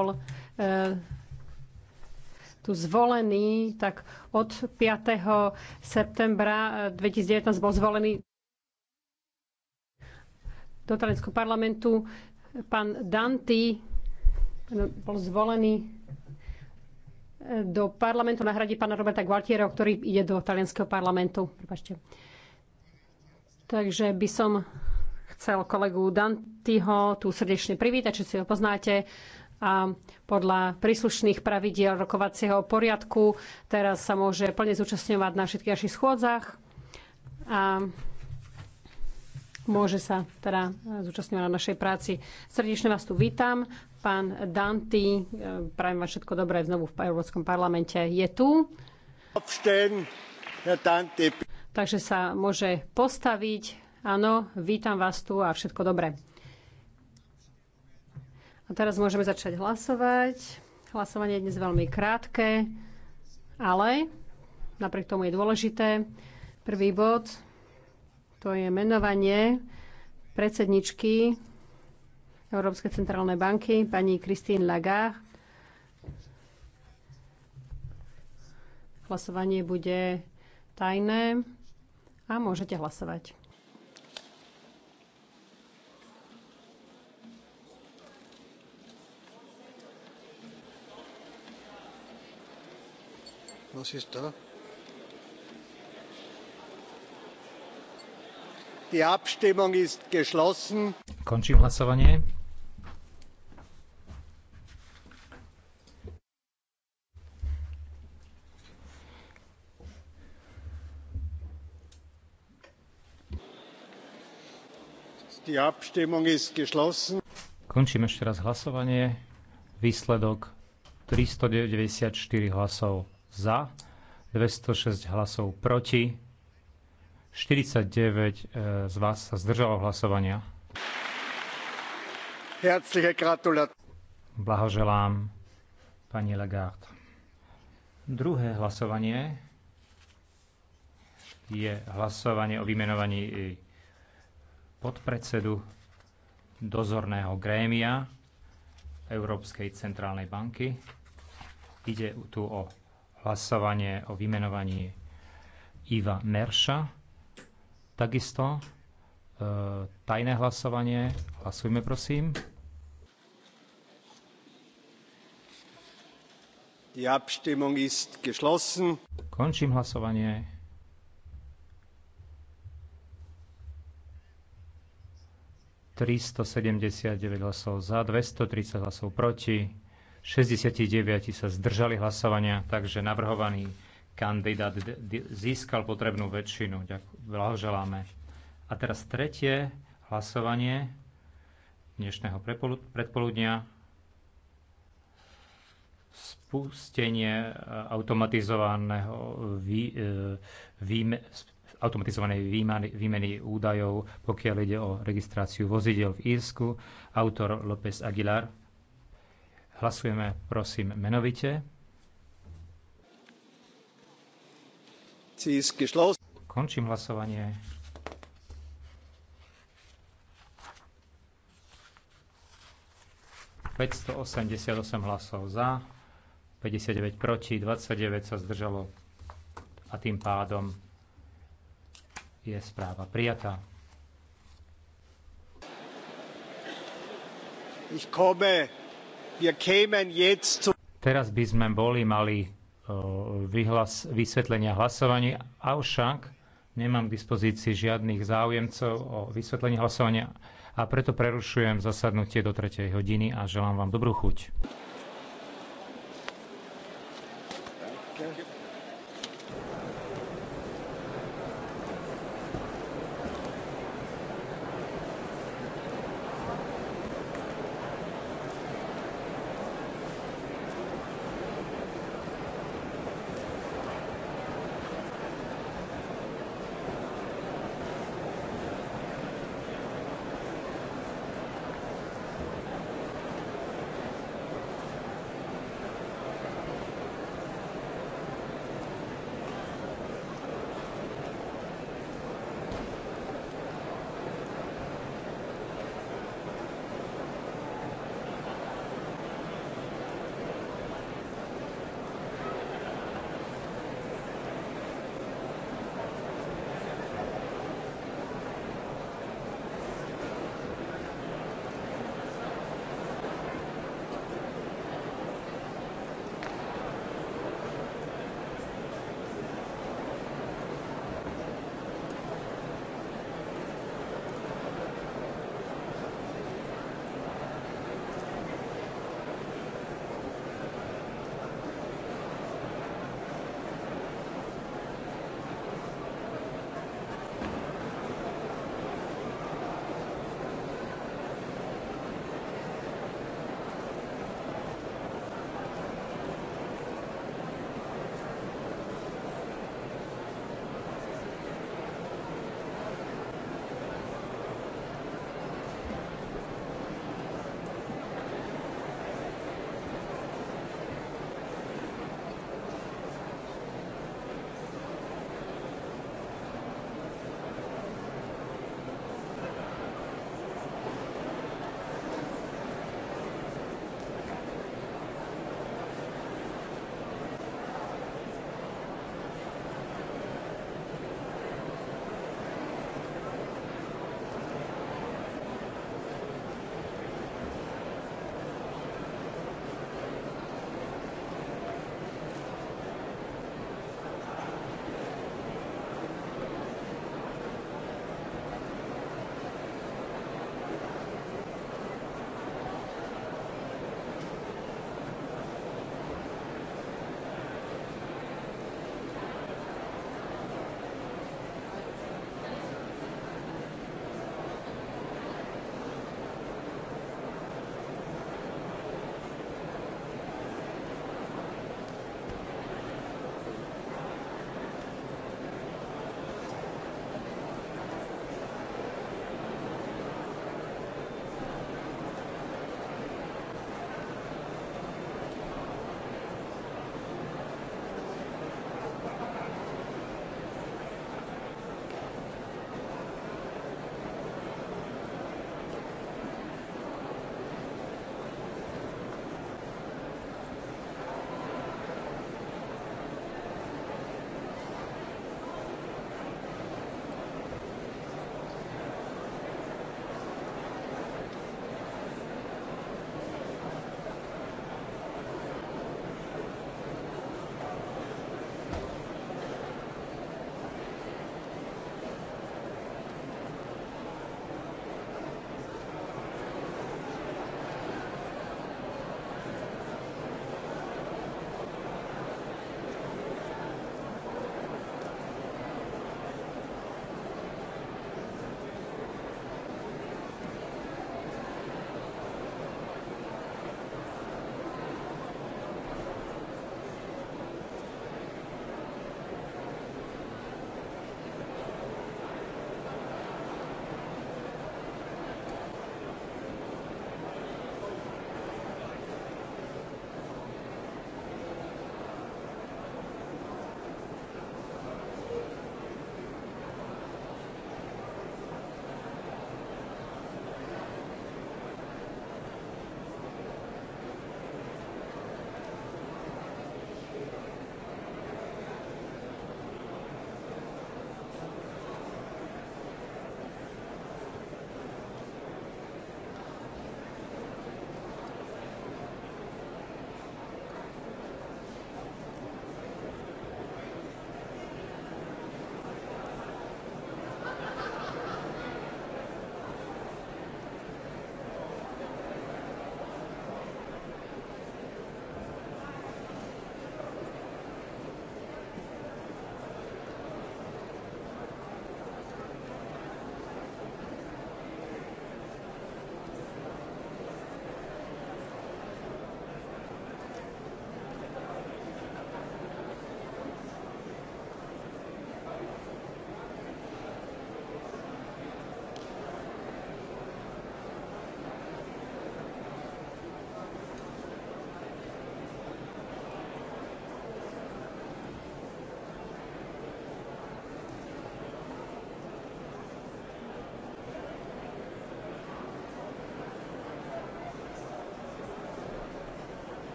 bol e, tu zvolený, tak od 5. septembra 2019 e, bol zvolený do Talianského parlamentu. Pán Danti bol zvolený e, do parlamentu na hrade pána Roberta Gualtiero, ktorý ide do talianského parlamentu. Prepačte. Takže by som chcel kolegu Dantiho tu srdečne privítať, či si ho poznáte a podľa príslušných pravidiel rokovacieho poriadku teraz sa môže plne zúčastňovať na všetkých našich schôdzach a môže sa teda zúčastňovať na našej práci. Srdečne vás tu vítam. Pán Danty, e, prajem vám všetko dobré znovu v Európskom parlamente. Je tu. Takže sa môže postaviť. Áno, vítam vás tu a všetko dobré. A teraz môžeme začať hlasovať. Hlasovanie je dnes veľmi krátke, ale napriek tomu je dôležité. Prvý bod, to je menovanie predsedničky Európskej centrálnej banky, pani Christine Lagarde. Hlasovanie bude tajné a môžete hlasovať. No, si da? Die Abstimmung ist geschlossen. Končím hlasovanie. Die Abstimmung ist geschlossen. Končím ešte raz hlasovanie. Výsledok 394 hlasov za, 206 hlasov proti, 49 e, z vás sa zdržalo hlasovania. Blahoželám pani Lagarde. Druhé hlasovanie je hlasovanie o vymenovaní podpredsedu dozorného grémia Európskej centrálnej banky. Ide tu o hlasovanie o vymenovaní Iva Merša. Takisto e, tajné hlasovanie. Hlasujme prosím. Die Abstimmung ist geschlossen. Končím hlasovanie. ...379 hlasov za, 230 hlasov proti. 69 sa zdržali hlasovania, takže navrhovaný kandidát získal potrebnú väčšinu. Blahoželáme. A teraz tretie hlasovanie dnešného predpoludnia. Spustenie e, automatizovaného vý, e, výme, automatizovanej výmeny, výmeny údajov, pokiaľ ide o registráciu vozidiel v Írsku. Autor López Aguilar. Hlasujeme, prosím, menovite. Končím hlasovanie. ...588 hlasov za, 59 proti, 29 sa zdržalo a tým pádom je správa prijatá. Ich komme Teraz by sme boli mali vyhlas, vysvetlenia hlasovaní, avšak nemám k dispozícii žiadnych záujemcov o vysvetlenie hlasovania a preto prerušujem zasadnutie do 3. hodiny a želám vám dobrú chuť.